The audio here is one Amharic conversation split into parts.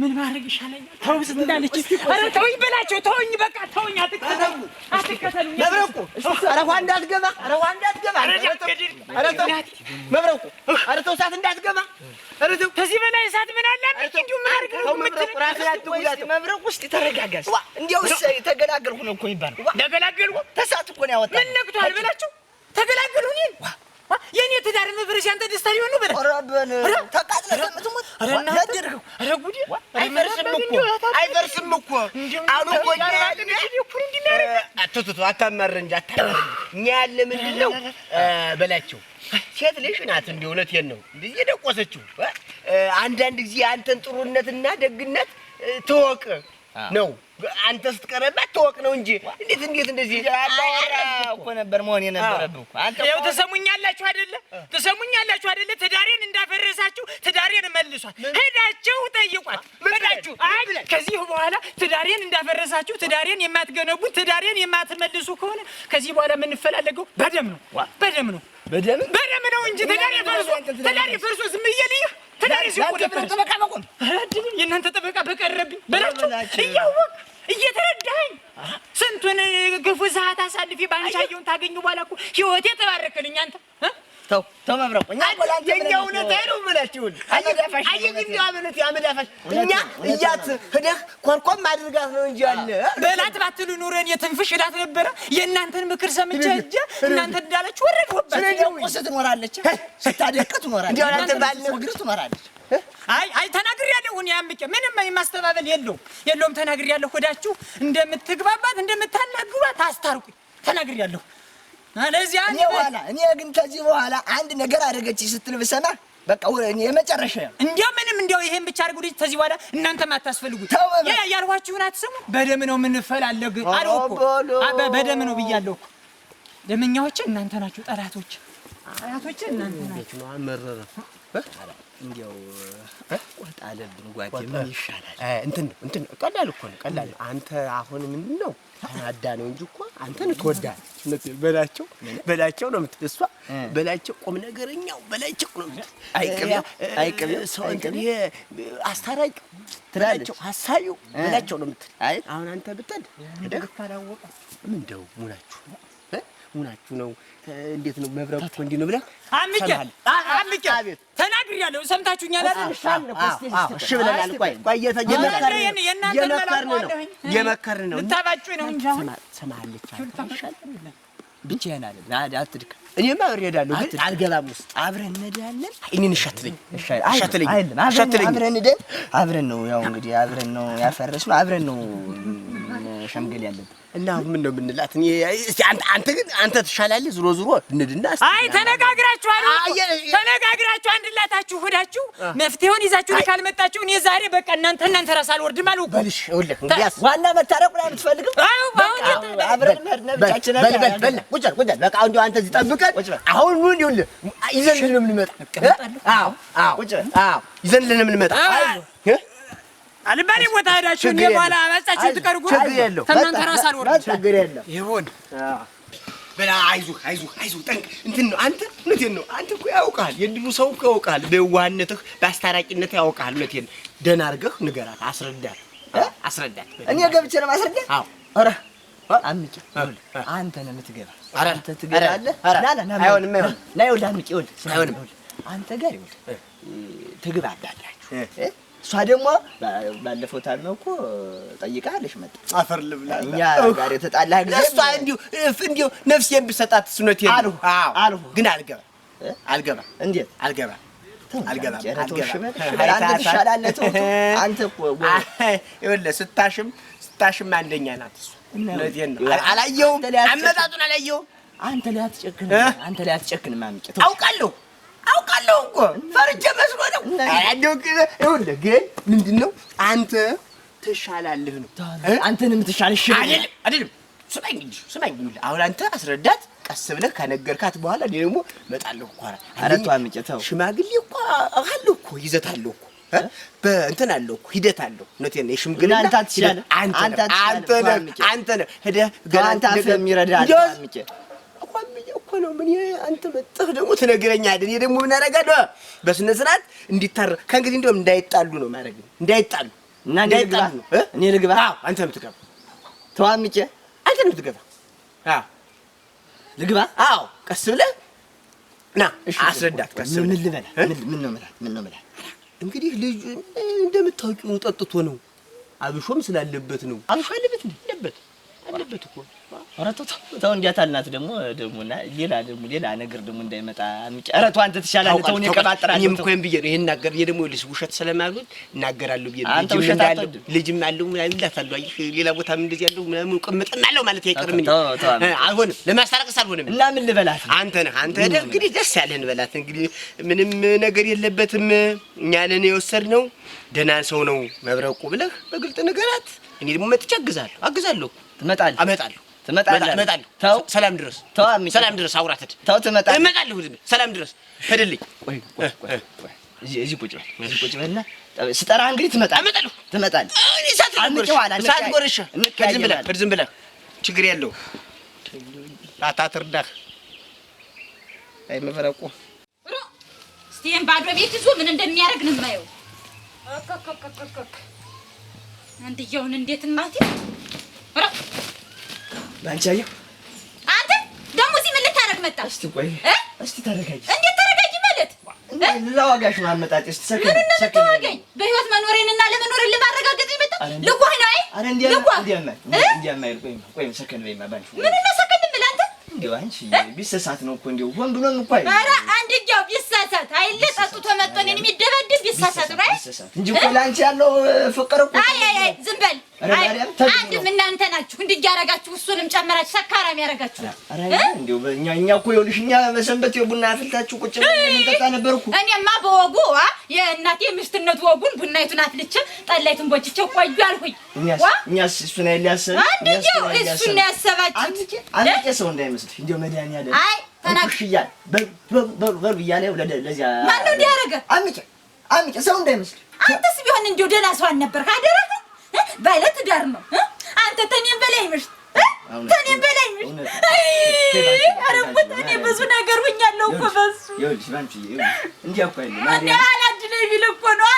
ምን ማድረግ ይሻለኛል? ተውስ እንዳለች አረ ተውኝ በላቸው። ተውኝ በቃ ተውኝ። አትከተሉ አትከተሉ። መብረቁ አረ ውሃ እንዳትገባ፣ አረ ውሃ እንዳትገባ፣ አረ ተው መብረቁ፣ አረ ተው እሳት እንዳትገባ፣ አረ ተው። ከዚህ በላይ እሳት ምን አለ? እንዲሁ ምን ነው መብረቁ ራስህ አትጉዳት መብረቁ። እስኪ ተረጋጋ። እንዲያው ተገላገልኩ ነው እኮ የሚባለው። ተገላገልኩ ተሳት እኮ ነው ያወጣ። ምን ነግቷል በላቸው። ተገላገሉ እኔን የኔ ትዳር መብረሽ አንተ ደስታ ሊሆን ነበር። ረበን እኮ አትቱቱ እንጂ እኛ ያለ ምንድን ነው በላቸው ሴት ልጅ ናት። እንደ እውነቴን ነው እንደ አንዳንድ ጊዜ አንተን ጥሩነትና ደግነት ትወቅ ነው አንተ ስትቀረብ አታወቅ ነው እንጂ እንዴት እንዴት እንደዚህ አባወራ እኮ ነበር መሆን የነበረብህ እኮ አንተ። ይኸው ትሰሙኛላችሁ አይደለ? ትሰሙኛላችሁ አይደለ? ትዳሬን እንዳፈረሳችሁ ትዳሬን መልሷል። ሄዳችሁ ጠይቋት። ሄዳችሁ አይ፣ ከዚህ በኋላ ትዳሬን እንዳፈረሳችሁ ትዳሬን የማትገነቡ ትዳሬን የማትመልሱ ከሆነ ከዚህ በኋላ የምንፈላለገው በደም ነው፣ በደም ነው፣ በደም በደም ነው እንጂ ትዳሬ ፈርሶ ትዳሬ ፈርሶ ዝም እየልህ ጠበቃ መቆም የእናንተ ጠበቃ በቀረብኝ በላቸው እያወቅ እየተረዳኸኝ ስንቱን ግፉ ሰዓት አሳልፌ በአንቻየውን ታገኙ በኋላ እኮ ህይወቴ ተባረክልኝ አንተ ተው ተው መብረቁ እኛ የእኛ እውነት አይደው የምላችሁ አመዳፋሽ አመዳፋሽ እኛ እያት ሂደህ ኮርኮም አድርጋት ነው እንጂ አለ በላት ባትሉ ኑረን የትንፍሽ እላት ነበረ። የእናንተን ምክር ሰምቼ ሂጅ እናንተ እንዳለች ወረድኩባት። ቆስ ትኖራለች፣ ስታደቅ ትኖራለች፣ እግር ትኖራለች። አይ አይ ተናግሬያለሁ። እኔ አምቄ ምንም የማስተባበል የለውም የለውም ተናግሬያለሁ። ሆዳችሁ እንደምትግባባት እንደምታናግሯት አስታርቁኝ። ተናግሬያለሁ እኔ ግን ከዚህ በኋላ አንድ ነገር አደረገች ስትል ብሰማ በቃ እኔ የመጨረሻ እንዲያ ምንም እንዲያው ይሄን ብቻ አድርጉ ልጅ። ከዚህ በኋላ እናንተም አታስፈልጉት። ያልኋችሁን አትሰሙ። በደም ነው የምንፈላለግ አልኩ እኮ በደም ነው ብያለሁ እኮ። ደመኛዎች እናንተ ናችሁ፣ ጠላቶች አያቶች እናንተ ናችሁ። መረረ እንዲያው ቆጣ አለብን ጓዴ። ምን ይሻላል? እንትን ነው እንትን ነው። ቀላል እኮ ነው ቀላል። አንተ አሁን ምንድን ነው ተናዳ ነው እንጂ እኮ አንተን ትወዳለች። በላቸው በላቸው ነው የምትል እሷ በላቸው ቁም ነገረኛው በላቸው ነው የምትል አይቅቤው አይቅቤው ሰው እንትን ይሄ አስታራቂው ትላለች ሀሳዩ በላቸው ነው የምትል አሁን አንተ ብትል ደግ ምን እንደው ሙላችሁ ሁናችሁ ነው? እንዴት ነው መብረቁ እኮ እንዲህ ነው ብለህ አምቄ አምቄ ተናግሬያለሁ። ሰምታችሁኛል አይደል? እሺ ብለናል። ቆይ ቆይ እየመከርን ነው እየመከርን ነው። ልታባጩኝ ነው እንጂ ሰማሃለች። ብቻዬን አይደል? አትድካ። እኔማ እሄዳለሁ፣ ግን አልገባም ውስጥ አብረን እንሄዳለን። እኔን እሺ አትለኝ፣ እሺ አብረን እንሄዳለን። አብረን ነው ያው እንግዲህ አብረን ነው ያፈረስነው፣ አብረን ነው ሸምገል ያለብን እና አሁን ምን ነው የምንላት? አንተ ግን አንተ ትሻላለህ። ዝሮ ዝሮ እንድና አይ ተነጋግራችሁ አሉ ተነጋግራችሁ አንድላታችሁ ሁዳችሁ መፍትሄውን ይዛችሁ ካልመጣችሁ እኔ ዛሬ በቃ እናንተ እናንተ ራስ አልወርድም አልኩ በልሽ። ይኸውልህ እንግዲያስ ዋና መታረቁ ላይ የምትፈልግም አብረን ብቻችን በል በል በል ቁጭ በል ቁጭ በል በቃ እንዲያው አንተ እዚህ ጠብቀን አሁን ምን ይኸውልህ ይዘን ልንም እንመጣ አዎ አዎ ይዘን ልንም እንመጣ አልባሌ ቦታ ሄዳችሁ እንደ በኋላ አመጣችሁ ትቀርጉ። ችግር የለው ተናንተ ራስ አልወርድ ችግር የለው ይሁን በላ። አይዞህ አይዞህ አይዞህ ጠንቅ እንትን ነው አንተ እውነቴን ነው አንተ እኮ ያውቃል፣ የድሉ ሰው እኮ ያውቃል። በዋነትህ በአስታራቂነት ያውቃል። እውነቴን ነው። ደህና አድርገህ ንገራት፣ አስረዳት፣ አስረዳት። እኔ ገብቼ ነው ማስረዳት። አዎ ኧረ አምጪ አንተ ነው የምትገባ። አንተ ትገባለህ። ና ና ና አይሆንም፣ አይሆንም። ና አምጪ፣ ይኸውልህ አይሆንም። አንተ ጋር ይኸውልህ ትግባባላችሁ እሷ ደግሞ ባለፈው ታመህ እኮ ጠይቃለሽ መጥ አፈር ልብላ እኛ ጋር የተጣላ ጊዜ እሷ እንዲሁ እንዲሁ ነፍሴን ብሰጣት ስኖት አልሁ አልሁ ግን አልገባ አልገባ እንዴት አልገባ አልገባ ስታሽም ስታሽም አንደኛ ናት እሱ አላየሁም አመጣጡን አላየሁም አንተ ላይ አትጨክንም አንተ ላይ አትጨክንም አምቄ አውቃለሁ አውቃለሁ እኮ ፈርቼ መስሎ ነው። ይኸውልህ ግን ምንድን ነው አንተ ትሻላለህ ነው። አንተንም ትሻለሽ አይደለም። ስማኝ እንጂ ስማኝ እንጂ አሁን አንተ አስረዳት፣ ቀስ ብለህ ከነገርካት በኋላ እኔ ደግሞ እመጣለሁ እኮ። ኧረ ተው አምጬ ተው። ሽማግሌ እኮ አለው እኮ ይዘት አለው እኮ በእንትን አለው እኮ ሂደት አለው። እውነቴን ነው። የሽምግልና አንተ አትችላለህ። አንተ ነህ አንተ ነህ ሄደህ ገና አንተ አፍ የሚረዳ አምጬ ነው። ምን አንተ መጥተህ ደግሞ ትነግረኛለህ። እኔ ደግሞ ምን አደርጋለሁ? በስነ ስርዓት እንዲታረ ከእንግዲህ እንደውም እንዳይጣሉ ነው ማድረግ እንዳይጣሉ እና እንዳይጣሉ እኔ ልግባ። አዎ አንተ የምትገባ ተዋምጬ አንተ የምትገባ አዎ ልግባ። አዎ ቀስ ብለህ ና አስረዳት። ቀስ ምን ልበላ? ምን ነው መላ? ምን ነው መላ? እንግዲህ ልጁ እንደምታውቂው ጠጥቶ ነው አብሾም ስላለበት ነው። አብሾ አለበት እንዴ? አለበት አለበት እኮ ኧረ ተው ተው፣ እንዲያት አልናት። ደግሞ ደግሞ እና ሌላ ደግሞ ሌላ ነገር ደግሞ እንዳይመጣ አምጪ። ኧረ ተው አንተ ትሻላለህ። ተው እኔ እቀባጥራለሁ። እኔም እኮ ይሄን ብዬሽ ነው ይሄን እናገር ይሄ ደግሞ ልጅ ውሸት ስለማሉት እናገራለሁ ብዬሽ ነው። ልጅም እንዳለው ልጅም አለው ምናምን እንዳታሉ። አየሽ ሌላ ቦታም እንደዚህ ያለው ምናምን ቅምጥና አለው ማለት አይቀርም። እኔ አልሆንም፣ ለማስታረቅስ አልሆንም። እና ምን ልበላት አንተ ነህ አንተ ደ እንግዲህ ደስ ያለህን በላት። እንግዲህ ምንም ነገር የለበትም። እኛ ነን የወሰድነው። ደህና ሰው ነው መብረቁ ብለህ በግልጥ ንገራት። እኔ ደግሞ መጥቼ አግዛለሁ አግዛለሁ ትመጣለህ? እመጣለሁ። ትመጣለህ? እመጣለሁ። ተው፣ ሰላም ድረስ። ተው፣ ሰላም ድረስ። አውራት ተው፣ ትመጣለህ? እመጣለሁ። ሰላም ድረስ። ሂድልኝ። ቆይ ቆይ ቆይ፣ እዚህ ቁጭ በል፣ እዚህ ቁጭ በልና ስጠራህ እንግዲህ ትመጣለህ። እመጣለሁ። ትመጣለህ። ዝም ብለህ፣ ችግር የለው። አታትርዳህ። አይ መብረቁ እስቲ ባዶ ቤት ይዞ ምን እንደሚያደርግ ነው የማየው። አንድየውን እንዴት እናቴ በአንቺ አየሁ። አንተ ደግሞ እዚህ ምን ልታረግ መጣ? እስቲ ቆይ እስቲ ተረጋጊ። እንዴት ተረጋጊ ማለት ላዋጋሽ ነው እስቲ በህይወት ለመኖሬን ለማረጋገጥ ልጓህ ነው። አይ አረ እንዲያ እንዲያ እንዲያ ቆይ ሰከን ባንቺ። ሰከን አንተ አንቺ ቢሰሳት ነው እኮ ሆን ብሎም እኮ አረ አንድ ቢሰሳት አይለ መጥቶ እኔን የሚደበድብ ቢሰሳት ነው። አይ ቢሰሳት እንጂ እኮ ለአንቺ ያለው ፍቅር እኮ አይ አይ ዝም በል አንድም እናንተ ናችሁ እንዲህ እያደረጋችሁ እሱንም ጨመራችሁ ሰካራም ያደረጋችሁ። እንደው እኛ እኛ እኮ ይኸውልሽ እኛ በሰንበት የቡና አፍልታችሁ ቁጭ እንጠጣ ነበር እኔማ በወጉ የእናቴ የሚስትነት ወጉን ቡናይቱን አፍልቼ ጠላይቱን ቦጭቼው ቆዩ አልኩኝ። እኛስ እሱን አይደል ያሰብን እንደው እሱን ነው አንቄ ሰው እንዳይመስልሽ እንደው መድኃኒዓለም አይ ተናግሽ እያለ በሉ በሉ እያለ ለዚያ ማነው እንዲህ ያደረገ? አምቄ አምቄ ሰው እንዳይመስልሽ። አንተስ ቢሆን እንደው ደህና ሰው አልነበርክ አደረግህ ባለ ትዳር ነው። አንተ ተኔም በላይ ምሽ ተኔም በላይ ምሽ። ኧረ እኔ ብዙ ነገር ሁኛለሁ እኮ በሱ ይኸውልሽ። ባንቺ እኮ ነው። አላድል የሚል እኮ ነው።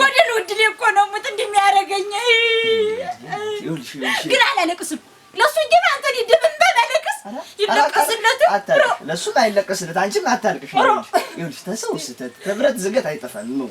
ወደ ልውድል እኮ ነው ሙት እንደሚያደርገኝ ግን አላለቅስም ለሱ እንጂ አንተን ይድብን በለቅስ ይለቀስለት ለሱ አይለቀስለት። አንቺም አታልቅሽ። ተሰው ስህተት ተብረት ዝገት አይጠፋም ነው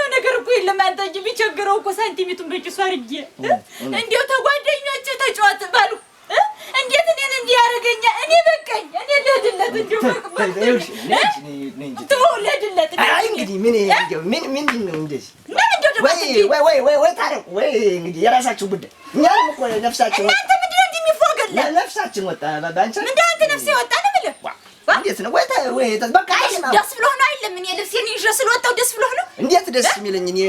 አይደለም አንተ የሚቸግረው እኮ ሳንቲሜቱን በጭሱ አድርጌ እንዲያው ተጓደኞች ተጫወት ባሉ እንዴት እኔን እንዲህ ያደርገኛል? እኔ በቃኝ። እኔ ለድለት እንዲሁ ተው ለድለት እንግዲህ ምን እንዲያው ምን ምንድን ነው እንደዚህ ወይ ታረቁ ወይ እንግዲህ የራሳችሁ ጉዳይ። እኛም እኮ ነፍሳችን እናንተ ምንድን ነው እንዲህ የሚፎገላ ነፍሳችን ወጣ በአንቺ ምንድን አንተ ነፍሴ ወጣ ነው ብለህ እንዴት ነው ወይ ወይ በቃ ደስ ብሎህ ነው አይደለም እኔ ልብሴን ይዤ ስለወጣሁ ደስ ብሎህ ነው እንዴት ደስ የሚለኝ እኔ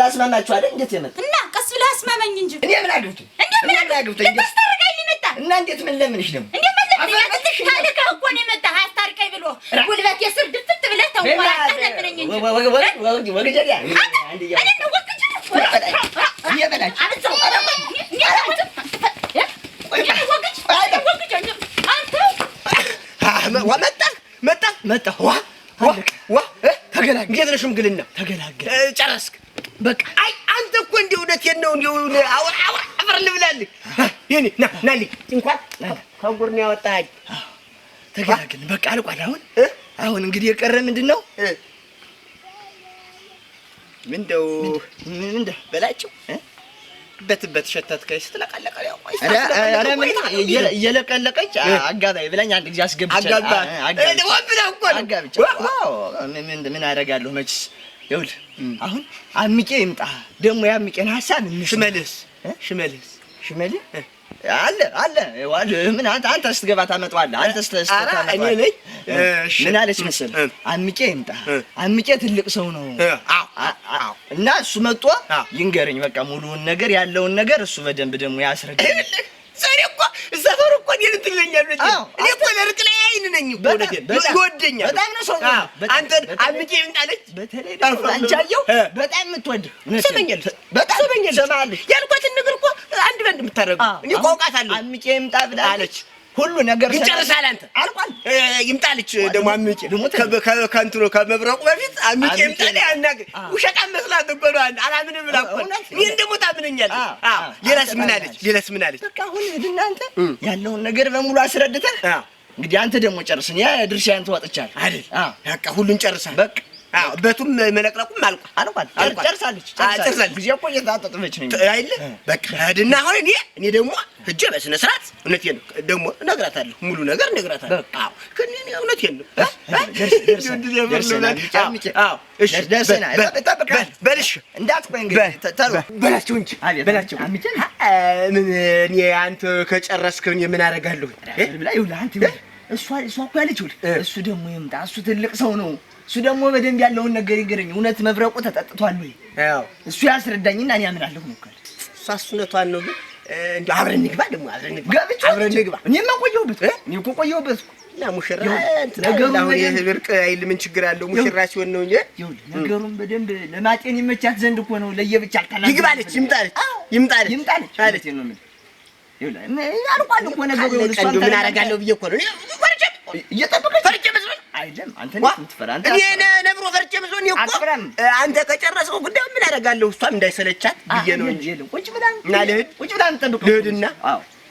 ላስማማችሁ አይደል? እንዴት የመጣ እና ቀስ ብለህ አስማማኝ እንጂ እኔ ምን አግብቱ እንዴ ምን አግብቱ እንዴ ታስታርቀኝ ሊመጣ እና እንዴት ምን ለምንሽ ነው እንዴ ምን ለምንሽ ታልከህ እኮ ነው የመጣ አስታርቀኝ ብሎ ጉልበት የስር ድፍት ብለህ ተው ማለት ለምንኝ እንጂ ወግ ወግ ወግ ወግ አንዴ ያ ወመጣ መጣ መጣ ዋ ዋ ተገላገል። እንዴት ነው ሽምግልና? ተገላገል። ጨረስክ? በቃ አይ አንተ እኮ እንደ እውነቴን የነው እንደው አው አው አፈር ልብላልህ። ይሄኔ ና ናሊ እንኳን ከጉር ነው ያወጣኸኝ። ተገላገል። በቃ አልቋል። አሁን አሁን እንግዲህ የቀረ ምንድን ነው? ምንደው ምንደው በላቸው በትበት ሸተትከሽ ስትለቀለቀል ያው ብለኝ አንድ ጊዜ አስገብቻለሁ። አጋባኝ ምን አደርጋለሁ መችስ ይኸውልህ አሁን አምቄ ይምጣ ደግሞ ያምቄን ሀሳብ ሽመልስ ሽመልስ ሽመልስ አለ አለ ምን አንተ አንተ ስትገባ ታመጣዋለህ። አንተ ስትስተታመጣዋለህ። እኔ ነኝ። ምን አለች መሰለህ? አምቄ ይምጣ። አምቄ ትልቅ ሰው ነው እና እሱ መጥቶ ይንገረኝ። በቃ ሙሉውን ነገር ያለውን ነገር እሱ በደንብ ደግሞ ያስረዳል። ዛሬ እኮ ሰፈሩ እኮ እኔን እንትን ይለኛል። እኔ እኮ ለርቅ ላይ አይን ነኝ እኮ ይወደኛል። በጣም ነው ሰው አንተ አምቄ ይምጣ አለች። በተለይ አንቺ አየሁ በጣም የምትወድ ሰመኛል። በጣም ሰመኛል። ያልኳትን ነገር አንድ በንድ የምታደርገው እኔ ቆቃታለሁ። አውቃታለሁ። አምጬ ይምጣ ብላለች። ሁሉ ነገር ይጨርሳል። አንተ አልቋል። ይምጣልች ደግሞ አምጬ ከእንትኑ ከመብረቁ በፊት አምጬ ይምጣ ላይ አናግር ውሸቃ መስላት እኮ ነው። አላምንም ብላ እኮ ይህን ደግሞ ታምነኛለች። ሌላስ ምን አለች? ሌላስ ምን አለች? በቃ አሁን እናንተ ያለውን ነገር በሙሉ አስረድተህ እንግዲህ አንተ ደግሞ ጨርስ። እኔ ድርሻዬን ተወጥቻለሁ አይደል? በቃ ሁሉን ጨርሳል። በቃ በቱም መለቅለቁም አልቋል። በቃ አሁን እኔ እኔ ደግሞ በስነ ስርዓት እውነቴን ደግሞ እነግራታለሁ፣ ሙሉ ነገር እነግራታለሁ። እኔ አንተ ከጨረስክ እኔ ምን አደርጋለሁ? እሷ እኮ ያለችው እሱ ደግሞ ይምጣ፣ እሱ ትልቅ ሰው ነው እሱ ደግሞ በደንብ ያለውን ነገር ይገረኝ። እውነት መብረቁ ተጠጥቷል ወይ? አዎ እሱ ያስረዳኝና እኔ አምናለሁ። ሞከል እሷ እሱነቷን ነው። ግን እንደው አብረን እንግባ ደግሞ አብረን እንግባ ገብቼ አብረን እንግባ። እኔማ ቆየሁበት እ እኔ እኮ ቆየሁበት እና ሙሽራ እንትን አሁን ብርቅ አይል ምን ችግር አለው? ሙሽራ ሲሆን ነው እንጂ ይኸውልህ፣ ነገሩን በደንብ ለማጤን ይመቻት ዘንድ እኮ ነው። ለየብቻ አልካላ ይግባለች፣ ይምጣለች፣ ይምጣለች፣ ይምጣለች ማለት ነው ምን ይኸውልህ፣ አልቋል እኮ ነገሩ። ይኸውልህ እሷ ምን አደርጋለሁ ብዬ እኮ ነው እየጠበቀች ፈርቼ መስሎኝ አይደለም። አንተ ከጨረስከው ጉዳዩ ምን አደርጋለሁ እሷም እንዳይሰለቻት ብዬ ነው እንጂ ቁጭ ብላ ቁጭ ብላ እንጠብቅ ልሂድና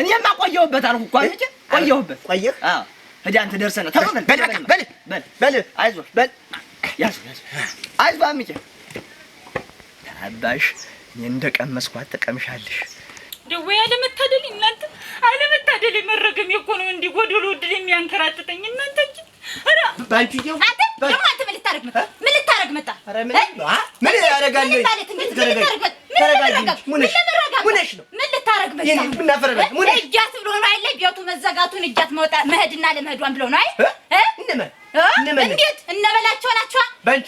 እኔማ ቆየሁበት አልኩ እኮ አንቺ ቆየሁበት። ቆየህ? አዎ። ሂድ አንተ ደርሰህ ነው ተው። በል በል በል በል አይዞህ በል ያዝ ያዝ አይዞህ አምጪ አባሽ እኔ እንደቀመስኳት ትቀምሻለሽ። ደዌ አለመታደል እናንተ አለመታደል መረገም እኮ ነው። እንዲህ ጎዶሎ እድል የሚያንከራትተኝ እናንተ እንጂ ኧረ ባንቺ አንተ ደግሞ አንተ ምን ልታረግ መጣ? ምን ልታረግ መጣ? ምን ያረጋለኝ? ምን ልታረግ መጣ? ምን ልታረግ ምን ልታረግ ምን ልታረግ እጃት ብሎ ነው አይደለ? ቤቱ መዘጋቱን እጃት መሄድና ለመሄዷን ብሎ ነው አይደል? እንዴት እነበላቸው ቤቱ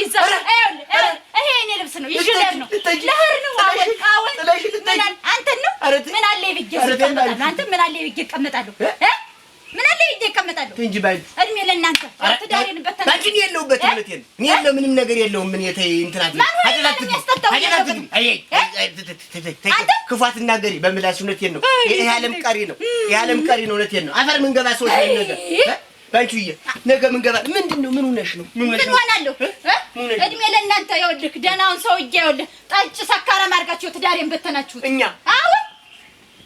ሊዘጋል፣ ይሄ የእኔ ልብስ ነው፣ ምን አለ የለውበት ማለት ምንም ነገር የለውም። ምን የተ እንትናት አደላት አደላት በምላስ እውነቴን ነው። ይሄ ዓለም ቀሪ ነው። ይሄ ዓለም ቀሪ ነው። እውነቴን ነው። አፈር ምን ገባ ሰዎች ነው ነገር ባንቺዬ ነገ ምን ገባ ምንድን ነው? ምን ሆነሽ ነው? ምን ሆናለሁ? እድሜ ለእናንተ ይኸውልህ፣ ደህናውን ሰውዬ ይኸውልህ፣ ጠጭ ሰካራም አድርጋችሁ ትዳሬን በተናችሁት እኛ አዎ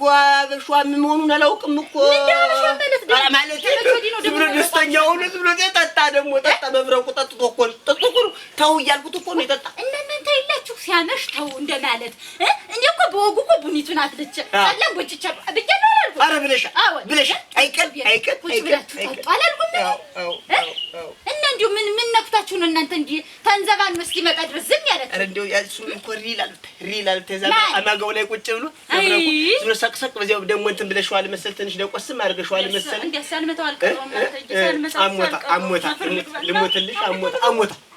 እኮ አበሻም መሆኑን አላውቅም እኮ ማለት ዝም ብሎ ደስተኛ ሆኖ ዝም ብሎ ጠጣ፣ ደግሞ ጠጣ። መብረቁ ጠጥቶ እኮ ጥቁር ተው እያልኩት እኮ ነው የጠጣ። እናንተ የላችሁ ሲያመሽ ተው እንደ ማለት እኔ እኮ በወጉ እኮ ቡኒቱን አፍልቼ ጠላም ቦጭቻ ብያለሁ አላልኩም? ኧረ ብለሻል ብለሻል። አይቀር አይቀር አይቀር አላልኩም? እንዲሁ ምን ምን ነክቷችሁ ነው እናንተ እንዲህ ተንዘባን ነው እስኪመጣ ድረስ ዝም ያለት። ኧረ እንዲሁ ያሱ እኮ ሪላል ሪላል ተዛ አማጋው ላይ ቁጭ ብሎ ዝም ሰቅሰቅ በዚያው ደግሞ እንትን ብለሽዋል መሰል ትንሽ ደቆስም አድርገሽዋል መሰል እንዴ ሳልመታው አልቀረም እናንተ እጅ ሳልመታው አሞታ አሞታ ልሞትልሽ አሞታ አሞታ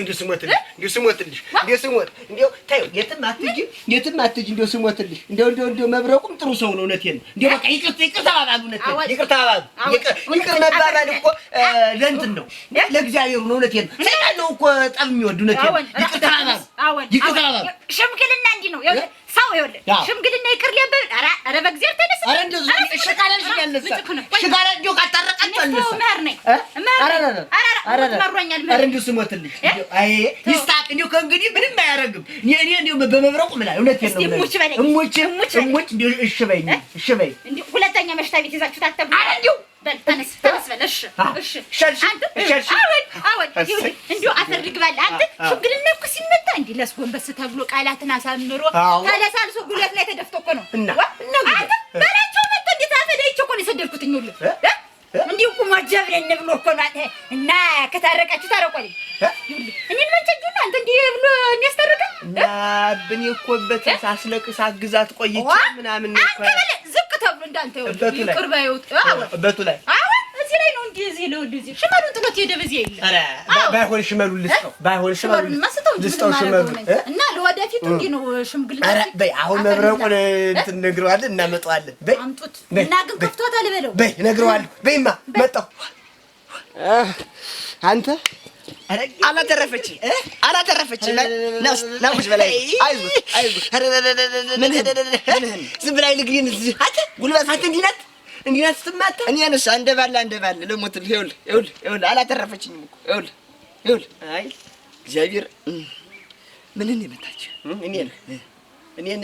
እንዲሁ ስሞትልሽ እንዲሁ ስሞትልሽ እንዲሁ ስሞት እንዲሁ መብረቁም ጥሩ ሰው ነው። እውነቴን ነው። እንዲሁ በቃ ይቅር ይቅር ተባባሉ። እውነቴን ይቅር ተባባሉ። ይቅር መባባል እኮ ለእንትን ነው ለእግዚአብሔር ነው። እውነቴን ነው። ሰይጣን ነው እኮ ጠብ የሚወድ። እውነቴን ነው። ይቅር ተባባሉ። ይቅር ተባባሉ። ሽምግልና እንዲህ ነው። ነው። ይኸውልህ ሽምግልና ይቅር ሊያበል ኧረ በእግዚአብሔር ተነስ። አይ ከእንግዲህ ምንም አያረግም። የኔ በመብረቁ እሙች እሙች እሙች ሁለተኛ መሽታ ቤት ይዛችሁ ታተቡ እንዲሁ ለስጎንበስ ተብሎ ቃላትን አሳምሮ ተለሳልሶ ጉልበት ላይ ተደፍቶ እኮ ነው በላቸው መቶ እንዴት አፈላይቼ እኮ ነው የሰደድኩት ሁሉ እንዲሁ ቁሞ ጀብሬን ብሎ እኮ ነው እና ከታረቃችሁ ታረቆልኝ እኔን መንቸጁና አንተ እንዲህ ብሎ የሚያስታርቀኝ ብኔ እኮ በተሳስለቅስ አግዛት ቆይቼ ምናምን ነው ተብሎ እንዳንተ ይቅር በይውት እበቱ ላይ እዚህ ላይ ነው እንዴ? እዚህ ነው እንዴ? ሽመሉን ጥሎት ሄደ። በዚህ የለም ባይሆን ሽመሉ ልስጠው፣ ባይሆን ሽመሉ ልስጠው። ሽመሉ እና ለወደፊቱ እንዴ ነው ሽምግልና። በይ አሁን መብረቁን እንትን እነግረዋለን፣ እናመጣዋለን። በይ አምጡት እና ግን ከፍቶታል በለው። በይ እነግረዋለሁ። በይማ መጣሁ አንተ አላተረፈች አላተረፈች። ናቁጭ በላይ አይዞህ አይዞህ። ዝም ብላ ጉልበት እንዲህ ናት እንዲህ ናት ስትማታ እኔ ባለ ባለ አላተረፈችኝም እኮ አይ እግዚአብሔር ምንን የመታች እኔን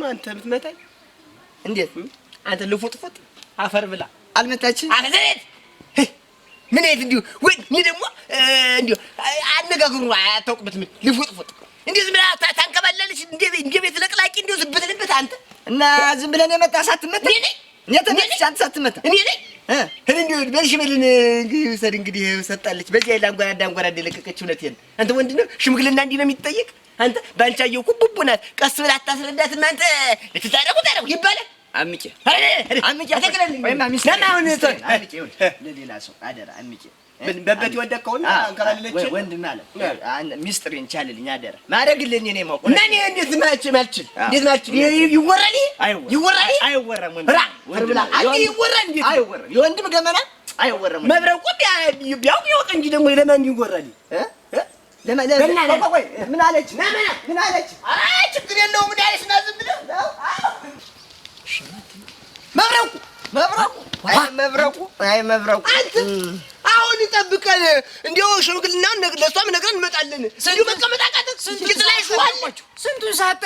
ነው አንተ የምትመታኝ? እንዴት አንተ ልፉጥፉጥ አፈር ብላ አልመታችህም? አፈዘት ምን አይነት እንዲሁ ወይ እኔ ደግሞ እንዲሁ አነጋግሩ አያታውቅበት ምን ልፉጥፉጥ እንዲሁ ዝም ብላ ታንከባላለች እንደ ቤት ለቅላቂ እንዲሁ ዝም ብትልበት አንተ እና ዝም ብለን የመጣ ሳትመታ እኔ ነኝ የተመለስሽ አንተ ሳትመታ እኔ ነኝ እኔ እንዲሁ በሽመልን ውሰድ እንግዲህ ሰጣለች በዚህ አይል አንጎራ ዳንጎራ እንደለቀቀች እውነቴን አንተ ወንድ ነው ሽምግልና እንዲህ ነው የሚጠየቅ አንተ ባንቻየው እኮ ናት ቀስ ብላ አታስረዳትም አንተ ልትታረቁ ታረቁ ይባላል አምቄ አምቄ አትክለልኝ። ለሌላ ሰው አደራ በበት አለ ሚስጥር እንቻልልኝ አደራ ማድረግልኝ እኔ እንዴት እንዴት ይወራል ይወራል አይወራም ራ አንዴ ይወራል እንዴት አይወራም የወንድም ገመና አይወራም መብረቁ እንጂ ደግሞ ለማን ይወራል ምን አለች ምን አለች? ችግር የለውም ምን ብለው መብረቁ መብረቁ መብረቁ መብረቁ አሁን ይጠብቀን። እንዲያው ሽምግልና ለእሷም ነግረን እንመጣለን። እንዲሁ መቀመጥ ስንቱን ሰዓት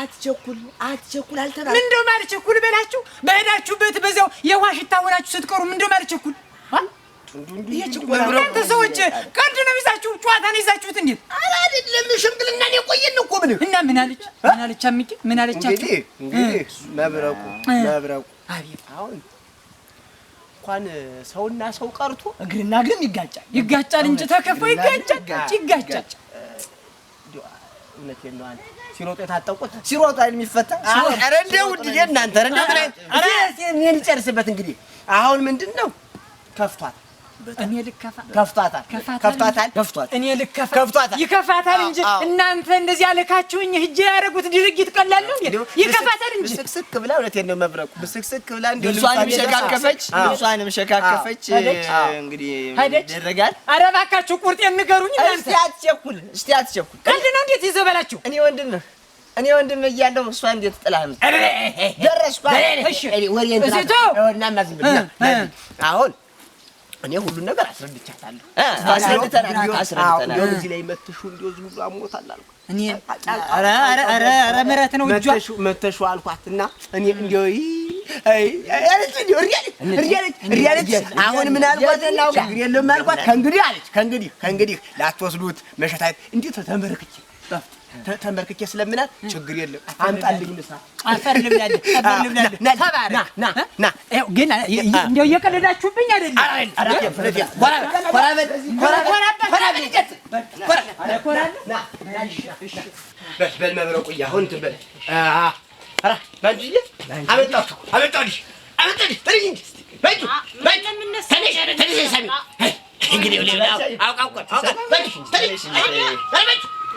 አትቸኩል አትቸኩል አልተባለ ምንደው ማለት ቸኩል በላችሁ። በሄዳችሁበት በዚያው የዋሽታ ሆናችሁ ስትቀሩ ምንደው ማለት ቸኩል እናንተ ሰዎች ቀልድ ነው ይዛችሁ ጨዋታ ነው ይዛችሁት። እንዴት አይደለም ሽምግልናን የቆየን እኮ ብለህ እና ምን አለች ምን አለች አምጪ ምን እንግዲህ መብረቁ መብረቁ አቤት አሁን እንኳን ሰውና ሰው ቀርቶ እግርና እግርም ይጋጫል ይጋጫል እንጂ ይጋጫል ይጋጫል። እውነቴን ነው አንተ የታጠቁት አይደል የሚፈታ። ኧረ እንደው እናንተ ኧረ እንደው እንግዲህ አሁን ምንድን ነው ከፍቷት እኔ ልከፋ ይከፋታል እንጂ እናንተ እንደዚህ ያደረጉት ድርጊት ይከፋታል እንጂ ብስክስክ ብላ፣ ነው መብረቁ። ብስክስክ ብላ ልብሷንም ሸካከፈች፣ ልብሷንም ሸካከፈች። እንግዲህ ኧረ እባካችሁ ቁርጤን ንገሩኝ እስቲ አትቸኩል፣ እስቲ አትቸኩል። ቀልድ ነው እንዴት ይዘው በላችሁ። እኔ ወንድም ነህ እኔ ወንድም እያለሁ እሷ እንዴት ደረስኳ። ወሬ እንትና አሁን እኔ ሁሉን ነገር አስረድቻታለሁ። አስረድተናል አስረድተናል። እዚህ ላይ መተሹ እንዲሁ ዝም ብሎ አሞታል አልኩ። እኔ ኧረ ምህረት ነው እጇ መተሹ አልኳትና እኔ እንዲሁ አሁን ምን አልኳት? ችግር የለም አልኳት። ከእንግዲህ አለች ከእንግዲህ ከእንግዲህ ላትወስዱት መሸታየት እንዲህ ተመርክቼ ተንበርክኬ ስለምናል ችግር የለም። አምጣልኝ ምሳ አፈር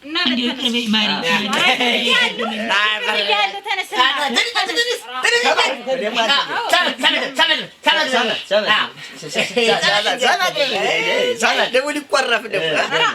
ደግሞ ሊቆረፍ ደግሞ